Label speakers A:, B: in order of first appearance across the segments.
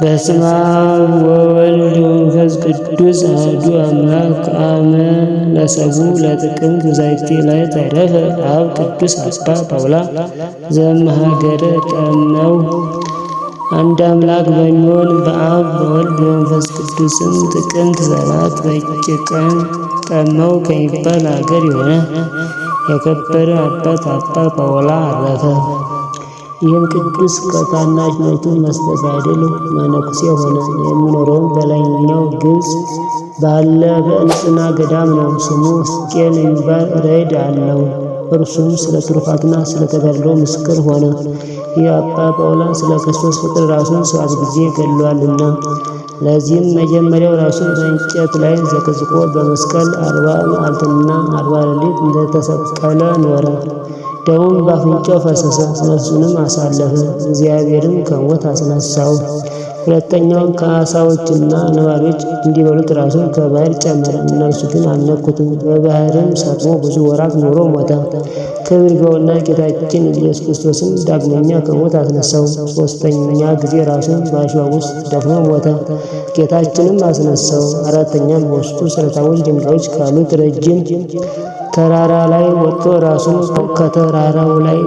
A: በስመ አብ ወወልድ ወመንፈስ ቅዱስ አሐዱ አምላክ አመ ለሰቡ ለጥቅምት በዛቲ ላይ ተረፈ አብ ቅዱስ አባ ጳውላ ዘመሃገረ ጠነው አንድ አምላክ በሚሆን በአብ በወልድ በመንፈስ ቅዱስም ጥቅምት ሰባት ቀን ጠመው ከሚባል አገር የሆነ የከበረ አባት አባ ጳውላ አረፈ። ይህም ቅዱስ ከታናሽነቱ መስተሳድል መነኩሴ ሆነ። የሚኖረውም በላይኛው ግብፅ ባለ በእንጽና ገዳም ነው። ስሙ ስቄን የሚባል ሬድ አለው። እርሱም ስለ ትሩፋትና ስለ ተጋድሎ ምስክር ሆነ። ይህ አባ ጳውላን ስለ ክርስቶስ ፍቅር ራሱን ሰባት ጊዜ ገድሏልና ለዚህም መጀመሪያው ራሱን በእንጨት ላይ ዘቅዝቆ በመስቀል አርባ መዓልትና አርባ ሌሊት እንደተሰቀለ ኖረ። ደሙም በአፍንጫው ፈሰሰ፣ ነፍሱንም አሳለፈ። እግዚአብሔርም ከሞት አስነሳው። ሁለተኛውን ከአሳዎችና ነባሪዎች እንዲበሉት ራሱን ከባህር ጨመረ። እነርሱ ግን አልነኩትም። በባህርም ሰጥሞ ብዙ ወራት ኖሮ ሞተ። ክብር ይግባውና ጌታችን ኢየሱስ ክርስቶስም ዳግመኛ ከሞት አስነሳው። ሶስተኛ ጊዜ ራሱን በአሸዋ ውስጥ ደፍኖ ሞተ። ጌታችንም አስነሳው። አራተኛም በውስጡ ስለታሞች ድንጋዮች ካሉት ረጅም ተራራ ላይ ወጥቶ ራሱን ከተራራው ላይ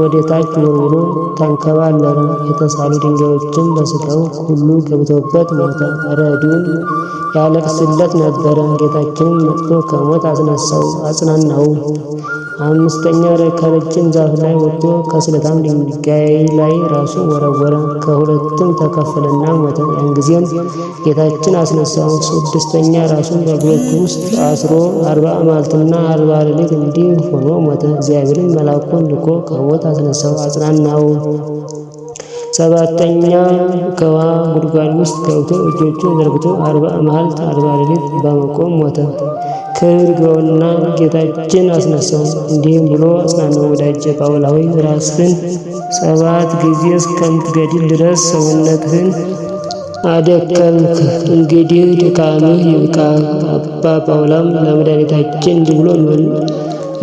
A: ወደ ታች ወርውሮ ተንከባለለ። የተሳሉ ድንጋዮችን በስጋው ሁሉ ገብተውበት ሞተ። ረድኡን ያለቅስለት ነበረ። ጌታችንን መጥቶ ከሞት አስነሳው፣ አጽናናው። አምስተኛ ከረጅም ዛፍ ላይ ወጥቶ ከስለታም ድንጋይ ላይ ራሱ ወረወረ፣ ከሁለቱም ተከፈለና ሞተ። ያን ጊዜም ጌታችን አስነሳው። ስድስተኛ ራሱን በግሮች ውስጥ አስሮ አርባ አማልትና አርባ ሌሊት እንዲህ ሆኖ ሞተ። እግዚአብሔርን መላኩን ልኮ ከሞት አስነሳው፣ አጽናናው። ሰባተኛ ከውሃ ጉድጓድ ውስጥ ገብቶ እጆቹን ዘርግቶ አርባ መዓልት አርባ ሌሊት በመቆም ሞተ። ክብር ይግባውና ጌታችን አስነሳው። እንዲህም ብሎ አጽናነው። ወዳጄ ጳውላ ሆይ ራስህን ሰባት ጊዜ እስከምትገድል ድረስ ሰውነትህን አደከምክ። እንግዲህ ድካምህ ይብቃ። አባ ጳውላም ለመድኃኒታችን እንዲህ ብሎ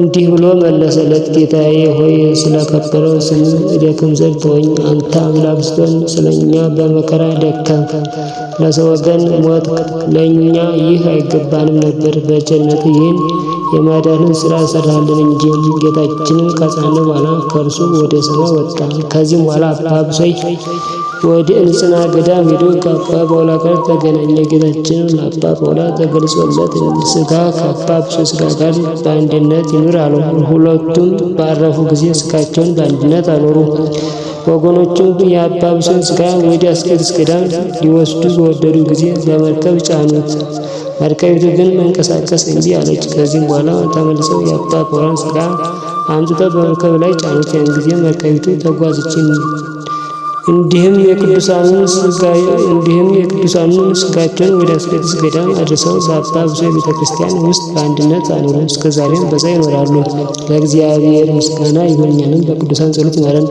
A: እንዲህ ብሎ መለሰለት፣ ጌታዬ ሆይ ስለከበረው ስም እደክም ዘንድ ሆኝ አንተ አምላክ ስትሆን ስለኛ በመከራ ደከምክ። ለሰው ወገን ሞት፣ ለእኛ ይህ አይገባንም ነበር። በጀነት ይህን የማዳንን ስራ ሰራልን እንጂ ጌታችንን ከጻነ በኋላ ከእርሱ ወደ ሰማይ ወጣ። ከዚህም በኋላ አባ ብሶይ ወደ እንጽና ገዳም ሄዶ ከአባ ጳውላ ጋር ተገናኘ። ጌታችንም ለአባ ጳውላ ተገልጾለት ስጋ ከአባ ብሶይ ስጋ ጋር በአንድነት ይኑር አለው። ሁለቱም ባረፉ ጊዜ ስጋቸውን በአንድነት አኖሩ። ወገኖቹ የአባ ብሶይን ስጋ ወደ አስቄጥስ ገዳም ሊወስዱ በወደዱ ጊዜ ለመርከብ ጫኑት። መርከቢቱ ግን መንቀሳቀስ እንጂ አለች። ከዚህም በኋላ ተመልሰው የአባ ኮራን ስጋ አምጥተው በመርከብ ላይ ጫኑት። ያን ጊዜ መርከቢቱ ተጓዘች። እንዲህም የቅዱሳኑን ስጋይ እንዲህም የቅዱሳኑን ስጋቸውን ወደ አስቄጥስ ገዳም አድርሰው በአባ ብፁዕ ቤተ ክርስቲያን ውስጥ በአንድነት አኖሩ። እስከ ዛሬም በዛ ይኖራሉ። ለእግዚአብሔር ምስጋና ይሁን፣ እኛንም በቅዱሳን ጸሎት ይማረን።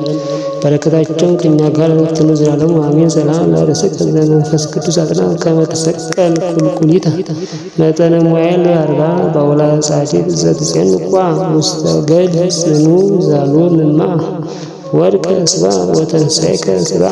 A: በረከታቸው ከኛ ጋር ትኑ ዘላለሙ አሜን። ሰላም ለርስክ ለመንፈስ ቅዱስ አጥና ከመተሰቀል ቁልቁሊታ መጠነ ሙኤል አርባ በውላ ጻዲቅ ዘትጼንቋ ውስተ ገድ ጽኑ ዛሉን ማ ወድቀ ስባ ወተንሳይከ ስባ